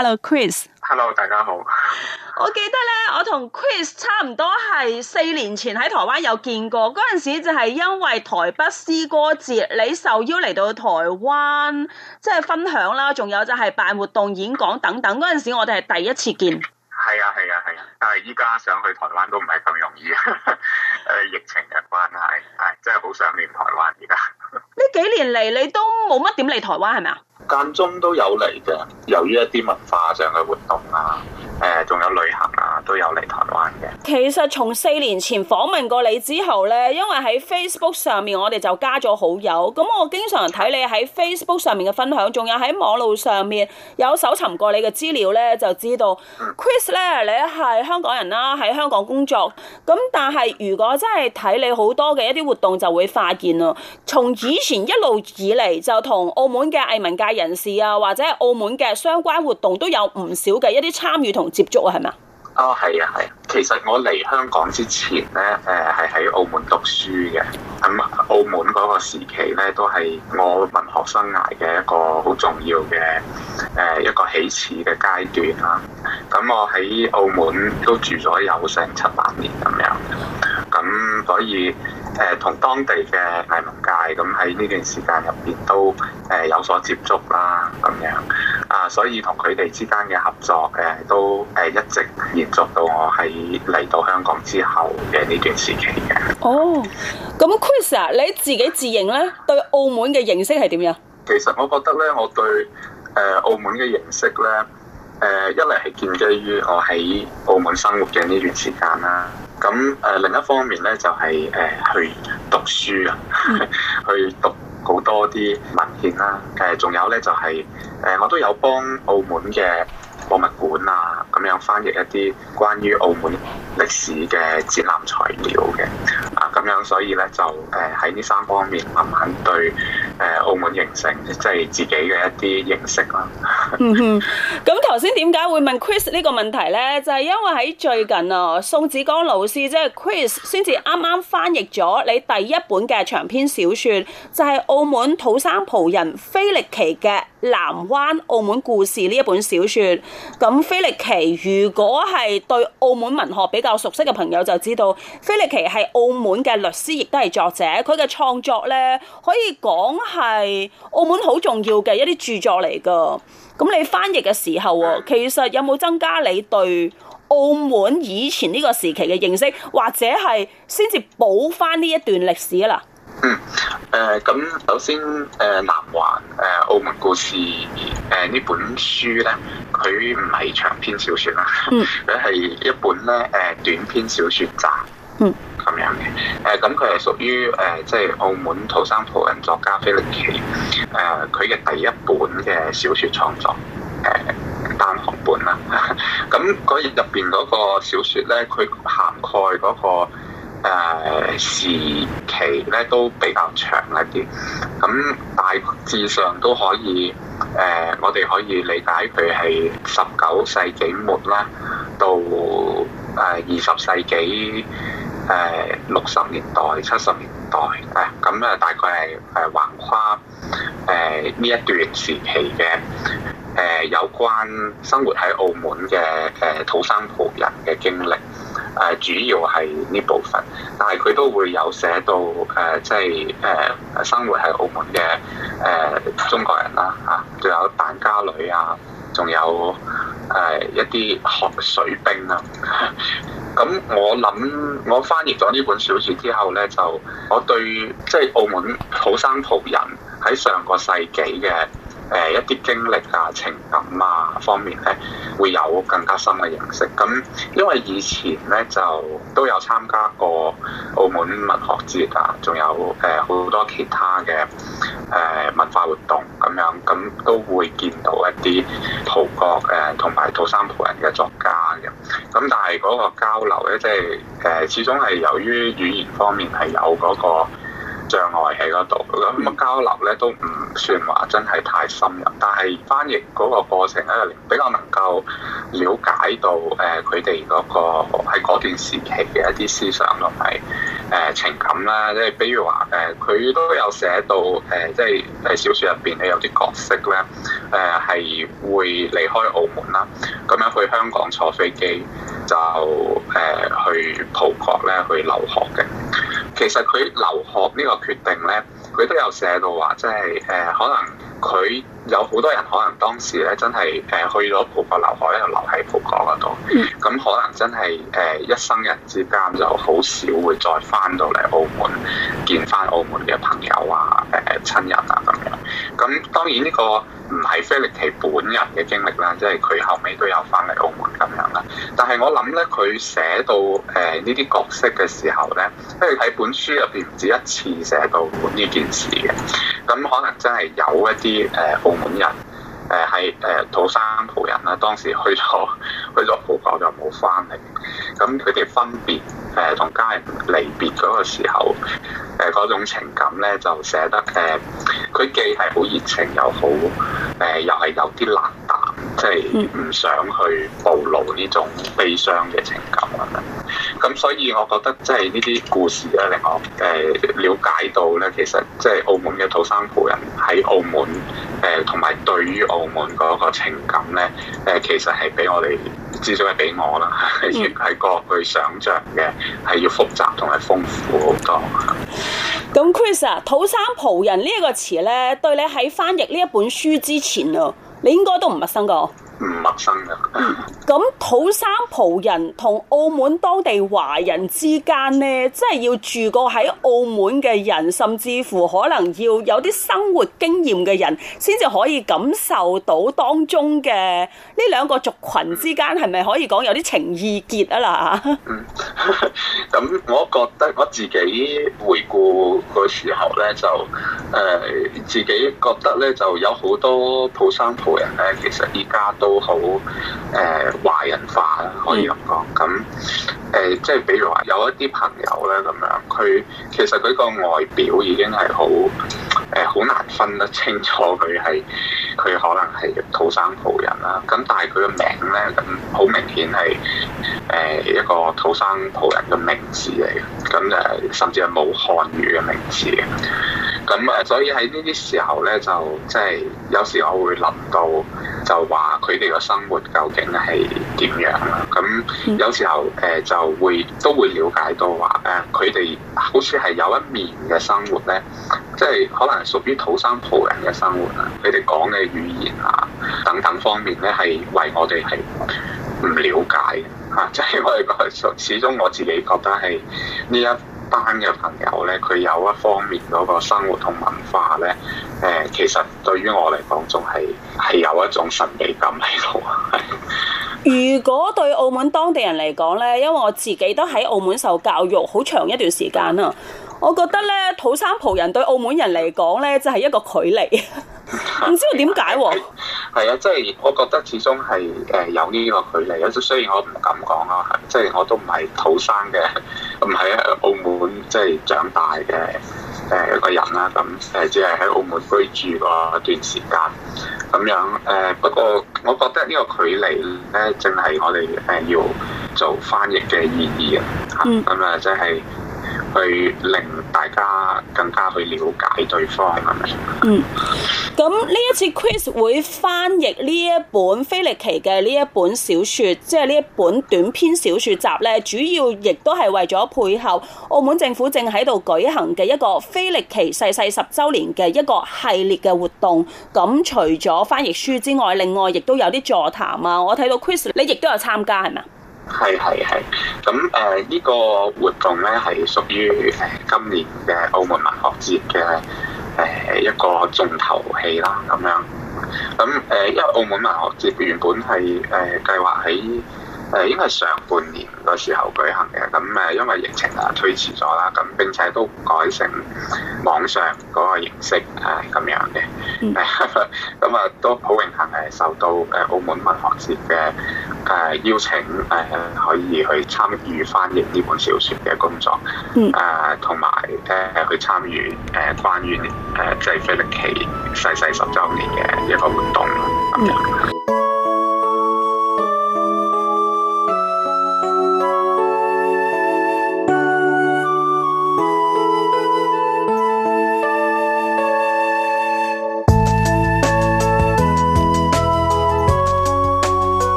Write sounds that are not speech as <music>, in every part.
Hello，Chris。Hello, Chris. Hello，大家好。 <laughs> 我記得咧，我同 Chris 差唔多係四年前喺台灣有見過嗰陣時，就係因為台北詩歌節，你受邀嚟到台灣，即、就、係、是、分享啦，仲有就係辦活動、演講等等。嗰陣時我哋係第一次見。係 <laughs> 啊，係啊，係啊，但係依家想去台灣都唔係咁容易誒、 <laughs> 啊，疫情嘅關係，係、啊、真係好想念台灣。而家呢 <laughs> 幾年嚟，你都冇乜點嚟台灣，係咪啊？間中都有嚟嘅，由於一啲文化上嘅活動啊，誒、呃、仲有旅行。都有嚟台灣嘅。其實從四年前訪問過你之後呢，因為喺 Facebook 上面我哋就加咗好友，咁我經常睇你喺 Facebook 上面嘅分享，仲有喺網路上面有搜尋過你嘅資料呢，就知道 Chris 咧你係香港人啦，喺香港工作。咁但係如果真係睇你好多嘅一啲活動，就會發現咯，從以前一路以嚟就同澳門嘅藝文界人士啊，或者澳門嘅相關活動都有唔少嘅一啲參與同接觸啊，係咪？啊，係啊，係。其實我嚟香港之前咧，誒係喺澳門讀書嘅。咁澳門嗰個時期咧，都係我文學生涯嘅一個好重要嘅誒一個起始嘅階段啦。咁我喺澳門都住咗有成七八年咁樣。咁所以誒，同當地嘅藝文界咁喺呢段時間入邊都誒有所接觸啦咁樣。啊，所以同佢哋之間嘅合作，誒都誒一直延續到我喺嚟到香港之後嘅呢段時期嘅。哦，咁 Chris 啊，你自己自認咧對澳門嘅認識係點樣？其實我覺得咧，我對誒澳門嘅認識咧，誒一嚟係建基於我喺澳門生活嘅呢段時間啦。咁誒另一方面咧，就係、是、誒去讀書啊，嗯、 <laughs> 去讀。好多啲文獻啦，誒，仲有呢就係，誒，我都有幫澳門嘅博物館啊，咁樣翻譯一啲關於澳門歷史嘅展覽材料嘅，啊，咁樣所以呢就誒喺呢三方面慢慢對。澳門認識即係自己嘅一啲認識咯。 <laughs> 嗯哼，咁頭先點解會問 Chris 呢個問題呢，就係因為喺最近啊，宋子江老師即係 Chris 先至啱啱翻譯咗你第一本嘅長篇小說，就係《澳門土生葡人菲力奇嘅南灣澳門故事》呢一本小說。咁菲力奇，如果係對澳門文學比較熟悉嘅朋友就知道，菲力奇係澳門嘅律師，亦都係作者。佢嘅創作呢，可以講，係澳門好重要嘅一啲著作嚟噶，咁你翻譯嘅時候，嗯、其實有冇增加你對澳門以前呢個時期嘅認識，或者係先至補返呢一段歷史啊？啦，嗯，誒、呃，咁首先，誒、呃，南環，誒、呃，澳門故事，誒、呃，呢本書咧，佢唔係長篇小說啦，佢 <laughs> 係一本咧，誒、呃，短篇小說集。誒咁，佢係、嗯、屬於誒，即、呃、係、就是、澳門土生葡人作家菲力奇誒，佢、呃、嘅第一本嘅小説創作誒、呃、單行本啦。咁佢入邊嗰個小説咧，佢涵蓋嗰、那個誒、呃、時期咧都比較長一啲。咁、嗯、大致上都可以誒、呃，我哋可以理解佢係十九世紀末啦，到誒二十世紀。誒六十年代、七十年代，誒咁誒大概係誒橫跨誒呢一段時期嘅誒有關生活喺澳門嘅誒土生葡人嘅經歷，誒主要係呢部分，但係佢都會有寫到誒即係誒生活喺澳門嘅誒中國人啦，吓，仲有疍家女啊，仲有誒一啲學水兵啊。咁我諗我翻譯咗呢本小說之後咧，就我對即係澳門土生葡人喺上個世紀嘅誒一啲經歷啊、情感啊方面咧，會有更加深嘅認識，咁因為以前咧就都有參加過澳門文學節啊，仲有誒好、呃、多其他嘅誒、呃、文化活動。咁樣咁都會見到一啲葡國誒同埋土生葡人嘅作家嘅，咁但係嗰個交流咧，即係誒始終係由於語言方面係有嗰個障礙喺嗰度，咁啊交流咧都唔算話真係太深入，但係翻譯嗰個過程咧，比較能夠了解到誒佢哋嗰個喺嗰段時期嘅一啲思想同埋，就是誒、呃、情感啦，即係比如話誒，佢、呃、都有寫到誒、呃，即係誒小説入邊咧有啲角色咧，誒、呃、係會離開澳門啦，咁樣去香港坐飛機就誒、呃、去葡國咧去留學嘅。其實佢留學呢個決定呢，佢都有寫到話，即係誒可能佢有好多人可能當時咧真係誒去咗葡國留學，又留喺葡國嗰度。咁可能真係誒一生人之間就好少會再翻到嚟澳門見翻澳門嘅朋友啊、誒親人啊咁樣。咁當然呢個。係菲力奇本人嘅經歷啦，即係佢後尾都有翻嚟澳門咁樣啦。但係我諗咧，佢寫到誒呢啲角色嘅時候咧，即係喺本書入邊唔止一次寫到呢件事嘅，咁可能真係有一啲誒、呃、澳門人誒係誒土生葡人啦，當時去咗去咗葡國就冇翻嚟，咁佢哋分別誒同、呃、家人離別嗰個時候。誒嗰、呃、種情感咧，就寫得誒，佢、呃、既係好熱情，又好誒、呃，又係有啲冷淡，即係唔想去暴露呢種悲傷嘅情感咁樣。咁所以，我覺得即係呢啲故事咧，令我誒瞭、呃、解到咧，其實即係澳門嘅土生葡人喺澳門誒，同、呃、埋對於澳門嗰個情感咧，誒、呃、其實係比我哋至少係比我啦，係 <laughs> 係過去想象嘅係要複雜同埋豐富好多。咁 Chris 啊，土生葡人呢一個詞呢，對你喺翻譯呢一本書之前啊，你應該都唔陌生㗎。唔陌生嘅。咁、嗯、土生葡人同澳門當地華人之間咧，真係要住過喺澳門嘅人，甚至乎可能要有啲生活經驗嘅人，先至可以感受到當中嘅呢兩個族群之間係咪可以講有啲情意結啊？啦吓，嗯，咁我覺得我自己回顧嗰時候咧，就誒、呃、自己覺得咧，就有好多土生葡人咧，其實依家都。都好誒華人化啦，可以咁講咁誒，即係比如話有一啲朋友咧咁樣，佢其實佢個外表已經係好誒，好難分得清楚佢係佢可能係土生葡人啦。咁但係佢嘅名咧，咁好明顯係誒一個土生葡人嘅名字嚟嘅，咁就係甚至係冇漢語嘅名字嘅。咁啊，所以喺呢啲時候咧，就即係有時我會諗到，就話佢哋嘅生活究竟係點樣啦？咁有時候誒就會都會了解到話咧，佢哋好似係有一面嘅生活咧，即係可能屬於土生葡人嘅生活啦。佢哋講嘅語言啊，等等方面咧，係為我哋係唔了解嘅嚇，即係我哋個始終我自己覺得係呢一。班嘅朋友咧，佢有一方面嗰個生活同文化咧，誒，其實對於我嚟講，仲係係有一種神秘感喺度啊！如果對澳門當地人嚟講咧，因為我自己都喺澳門受教育好長一段時間啊，我覺得咧土生葡人對澳門人嚟講咧，就係、是、一個距離，唔 <laughs> 知道點解喎。 <laughs> 係啊，即係我覺得始終係誒有呢個距離。咁雖然我唔敢講咯，即係我都唔係土生嘅，唔係喺澳門即係長大嘅誒一個人啦。咁誒只係喺澳門居住過一段時間咁樣。誒不過我覺得呢個距離咧正係我哋誒要做翻譯嘅意義啊。咁啊，即係。去令大家更加去了解對方，係咪？嗯，咁呢一次 Chris 會翻譯呢一本菲力奇嘅呢一本小説，即係呢一本短篇小説集呢，主要亦都係為咗配合澳門政府正喺度舉行嘅一個菲力奇逝世十週年嘅一個系列嘅活動。咁除咗翻譯書之外，另外亦都有啲座談啊。我睇到 Chris，你亦都有參加，係咪？係係係，咁誒呢個活動咧係屬於誒今年嘅澳門文學節嘅誒一個重頭戲啦，咁樣。咁誒、呃，因為澳門文學節原本係誒計劃喺，呃誒應該係上半年嗰時候舉行嘅，咁誒因為疫情啊推遲咗啦，咁並且都改成網上嗰個形式誒咁、啊、樣嘅。咁、嗯、啊都好榮幸誒受到誒、啊、澳門文學節嘅誒、啊、邀請誒、啊，可以去參與翻譯呢本小説嘅工作。嗯。同埋誒去參與誒、啊、關於、啊、即係飛歷奇逝世十週年嘅一個活動。樣嗯。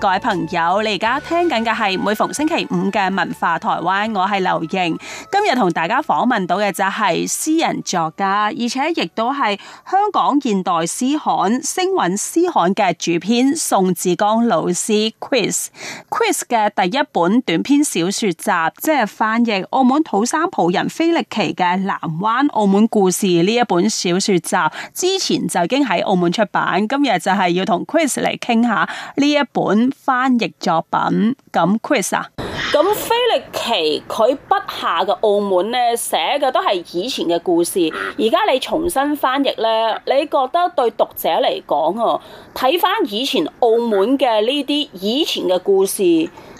各位朋友，你而家聽緊嘅係每逢星期五嘅文化台灣，我係劉瑩，今日同大家訪問到嘅就係詩人作家，而且亦都係香港現代詩刊《聲韻詩刊》嘅主編宋志剛老師。Chris，Chris 嘅 Chris 第一本短篇小說集，即係翻譯澳門土生葡人菲力奇嘅《南灣澳門故事》呢一本小說集，之前就已經喺澳門出版。今日就係要同 Chris 嚟傾下呢一本。翻譯作品咁，Chris 啊，咁飛歷奇佢筆下嘅澳門咧，寫嘅都係以前嘅故事。而家你重新翻譯咧，你覺得對讀者嚟講啊，睇返以前澳門嘅呢啲以前嘅故事，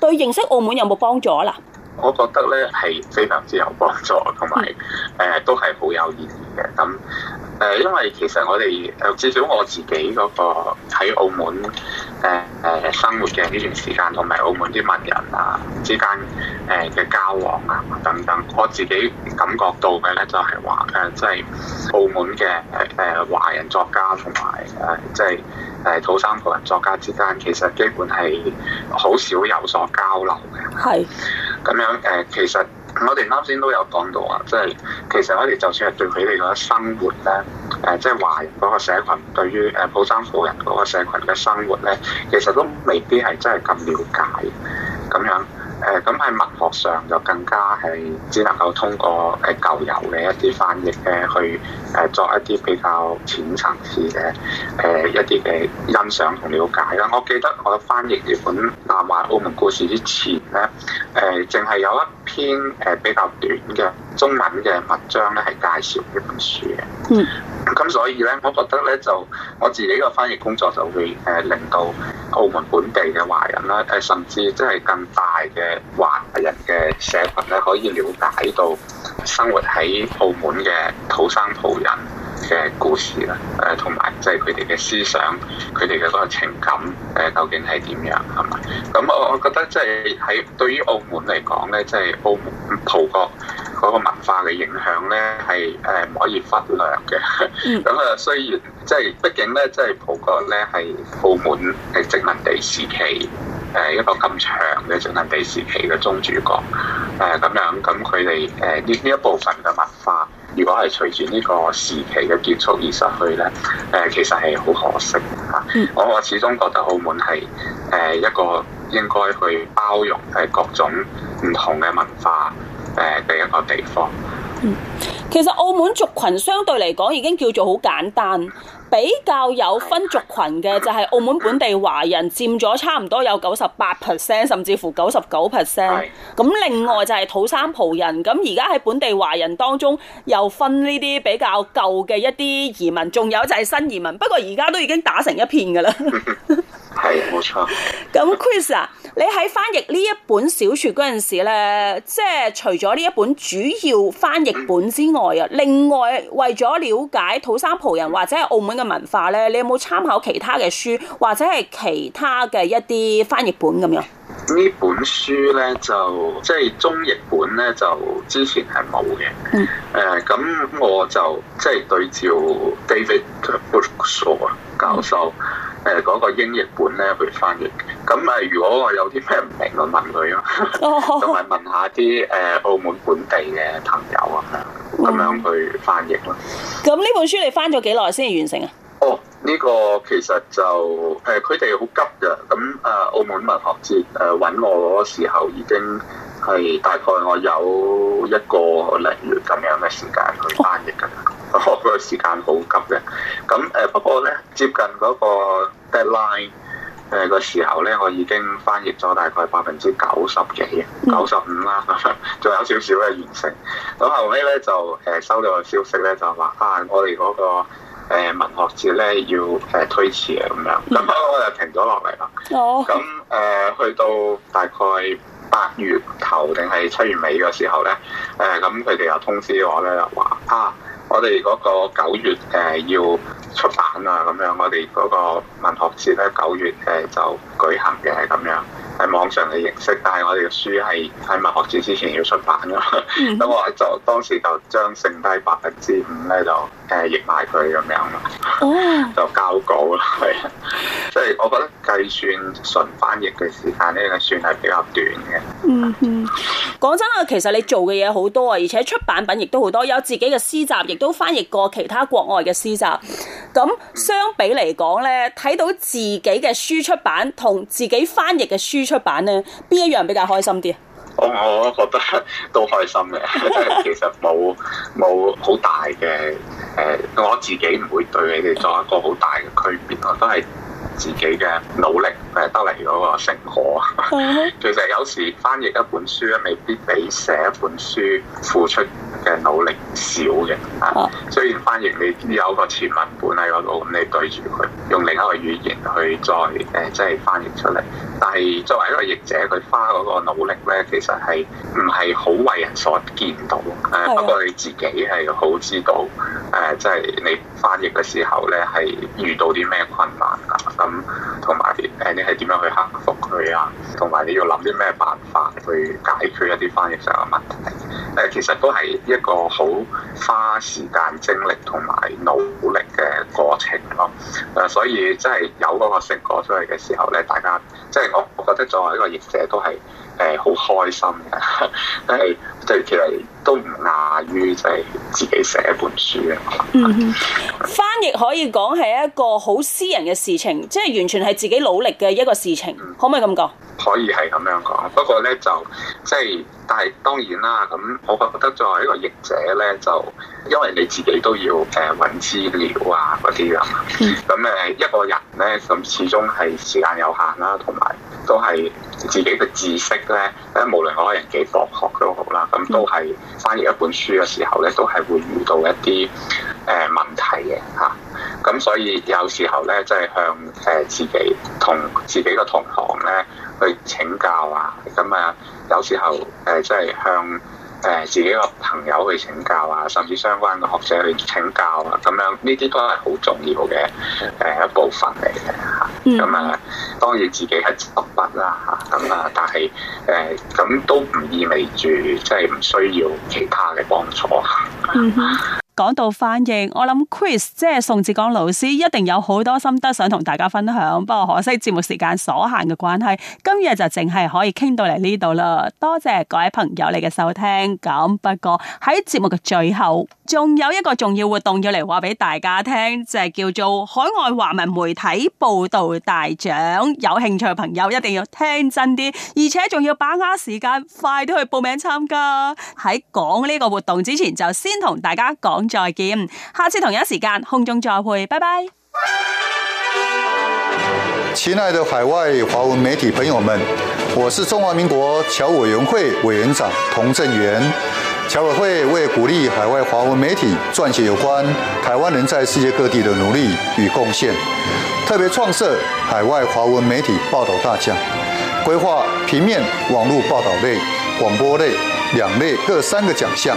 對認識澳門有冇幫助啦？我覺得咧係非常之有幫助，同埋誒都係好有意義嘅咁。嗯誒，因為其實我哋誒至少我自己嗰個喺澳門誒誒、呃、生活嘅呢段時間，同埋澳門啲文人啊之間誒嘅交往啊等等，我自己感覺到嘅咧就係話誒，即係澳門嘅誒誒華人作家同埋誒即係誒土生葡人作家之間，其實基本係好少有所交流嘅。係咁樣誒、呃，其實。我哋啱先都有講到啊，即係其實我哋就算係對佢哋嘅生活咧，誒即係華人嗰個社群，對於誒土生葡人嗰個社群嘅生活咧，其實都未必係真係咁了解咁樣。誒咁喺文學上就更加係只能夠通過誒舊有嘅一啲翻譯咧，去誒作一啲比較淺層次嘅誒、呃、一啲嘅欣賞同了解啦。我記得我翻譯呢本《南華澳門故事》之前咧，誒淨係有一篇誒比較短嘅中文嘅文章咧，係介紹呢本書嘅。嗯。咁所以咧，我覺得咧，就我自己個翻譯工作就會誒、呃，令到澳門本地嘅華人啦，誒、呃、甚至即係更大嘅華人嘅社群咧，可以了解到生活喺澳門嘅土生葡人。嘅故事啦，誒同埋即係佢哋嘅思想，佢哋嘅嗰個情感誒究竟係點樣係咪？咁我我覺得即係喺對於澳門嚟講咧，即係澳門葡國嗰個文化嘅影響咧係誒唔可以忽略嘅。咁 <laughs> 啊，雖然即係畢竟咧，即係葡國咧係澳門係殖民地時期誒一個咁長嘅殖民地時期嘅宗主國。誒、啊、咁樣，咁佢哋誒呢呢一部分嘅文化。如果係隨住呢個時期嘅結束而失去呢，誒其實係好可惜嚇。我、嗯、我始終覺得澳門係誒一個應該去包容係各種唔同嘅文化嘅一個地方，嗯。其實澳門族群相對嚟講已經叫做好簡單。比較有分族群嘅就係、是、澳門本地華人佔咗差唔多有九十八 percent，甚至乎九十九 percent。咁 <noise> 另外就係土生葡人。咁而家喺本地華人當中又分呢啲比較舊嘅一啲移民，仲有就係新移民。不過而家都已經打成一片噶啦 <laughs> 。係 <noise> 冇錯。咁 <laughs> Chris 啊。你喺翻譯呢一本小説嗰陣時咧，即係除咗呢一本主要翻譯本之外啊，嗯、另外為咗了，了解土生葡人或者係澳門嘅文化咧，你有冇參考其他嘅書或者係其他嘅一啲翻譯本咁樣？呢本書咧就即係中譯本咧就之前係冇嘅。嗯。誒、呃，咁我就即係對照 David Brooks 教授。誒，嗰個英譯本咧，佢翻譯。咁咪，如果我有啲咩唔明，我問佢咯，同埋問下啲誒澳門本地嘅朋友啊，咁樣去翻譯咯。咁呢本書你翻咗幾耐先完成啊？哦，呢、啊哦呢個其實就誒，佢哋好急嘅。咁、嗯、啊，澳門文學節誒揾我嗰時候，已經係大概我有一個零月咁樣嘅時間去翻譯嘅。我個時間好急嘅，咁誒，不過咧接近嗰個 deadline 誒、呃、個時候咧，我已經翻譯咗大概百分之九十幾，九十五啦，仲 <laughs> 有少少嘅完成。咁後尾咧就誒、呃、收到個消息咧，就話啊，我哋嗰、那個誒、呃、文學節咧要誒、呃、推遲啊，咁樣咁我就停咗落嚟啦。哦、oh。，咁、呃、誒，去到大概八月頭定係七月尾嘅時候咧，誒、呃，咁佢哋又通知我咧，又話啊。我哋嗰個九月誒要出版啊，咁樣我哋嗰個文學節咧，九月誒就舉行嘅，係咁樣。喺網上嘅認識，但係我哋嘅書係喺文學節之前要出版咯。咁我就當時就將剩低百分之五咧，就誒譯埋佢咁樣咯， <laughs> 就交稿啦。係，即係我覺得計算純翻譯嘅時間咧，應該算係比較短嘅。嗯哼、mm，講、hmm. <laughs> 真啊，其實你做嘅嘢好多啊，而且出版品亦都好多，有自己嘅詩集，亦都翻譯過其他國外嘅詩集。咁相比嚟講咧，睇到自己嘅書出版同自己翻譯嘅書出版咧，邊一樣比較開心啲啊？我我覺得都開心嘅，其實冇冇好大嘅，誒，我自己唔會對你哋作一個好大嘅區別咯，都係。自己嘅努力誒得嚟嗰個成果， <laughs> 其實有時翻譯一本書咧，未必比寫一本書付出嘅努力少嘅啊。雖然、啊、翻譯你有一個前文本喺嗰度，咁你對住佢用另一個語言去再誒即係翻譯出嚟，但係作為一個譯者，佢花嗰個努力咧，其實係唔係好為人所見到誒？啊、不過你自己係好知道。即係你翻譯嘅時候呢，係遇到啲咩困難啊？咁同埋誒，你係點樣去克服佢啊？同埋你要諗啲咩辦法去解決一啲翻譯上嘅問題？誒、呃，其實都係一個好花時間、精力同埋努力嘅過程咯、呃。所以即係有嗰個成果出嚟嘅時候呢，大家即係、就是、我覺得作為一個譯者都係。誒好開心嘅，但係即係其實都唔亞於就係自己寫本書啊！嗯哼，翻譯可以講係一個好私人嘅事情，即係完全係自己努力嘅一個事情，嗯、可唔可以咁講？可以係咁樣講，不過咧就即係，但係當然啦。咁我覺得作為一個譯者咧，就因為你自己都要誒揾資料啊嗰啲啊。咁誒一個人咧咁始終係時間有限啦，同埋都係自己嘅知識咧。無論我個人幾博學都好啦，咁都係翻譯一本書嘅時候咧，都係會遇到一啲誒問題嘅嚇。咁所以有時候咧，即係向誒自己同自己嘅同行咧，去請教啊，咁啊有時候誒即係向誒、呃、自己個朋友去請教啊，甚至相關嘅學者去請教啊，咁樣呢啲都係好重要嘅誒一部分嚟嘅嚇。咁啊當然自己係執筆啦嚇，咁啊但係誒咁都唔意味住即係唔需要其他嘅幫助嗯、mm hmm. 講到翻譯，我諗 Chris 即係宋志剛老師一定有好多心得想同大家分享，不過可惜節目時間所限嘅關係，今日就淨係可以傾到嚟呢度啦。多謝各位朋友你嘅收聽，咁不過喺節目嘅最後，仲有一個重要活動要嚟話俾大家聽，就係、是、叫做海外華文媒體報道大獎。有興趣嘅朋友一定要聽真啲，而且仲要把握時間快啲去報名參加。喺講呢個活動之前，就先同大家講。再見，下次同一時間空中再會，拜拜。親愛的海外華文媒體朋友們，我是中華民國僑委員會委員長童振源。僑委員會為鼓勵海外華文媒體撰寫有關台灣人在世界各地的努力與貢獻，特別創設海外華文媒體報道大獎，規劃平面、網絡報道類、廣播類兩類各三個獎項。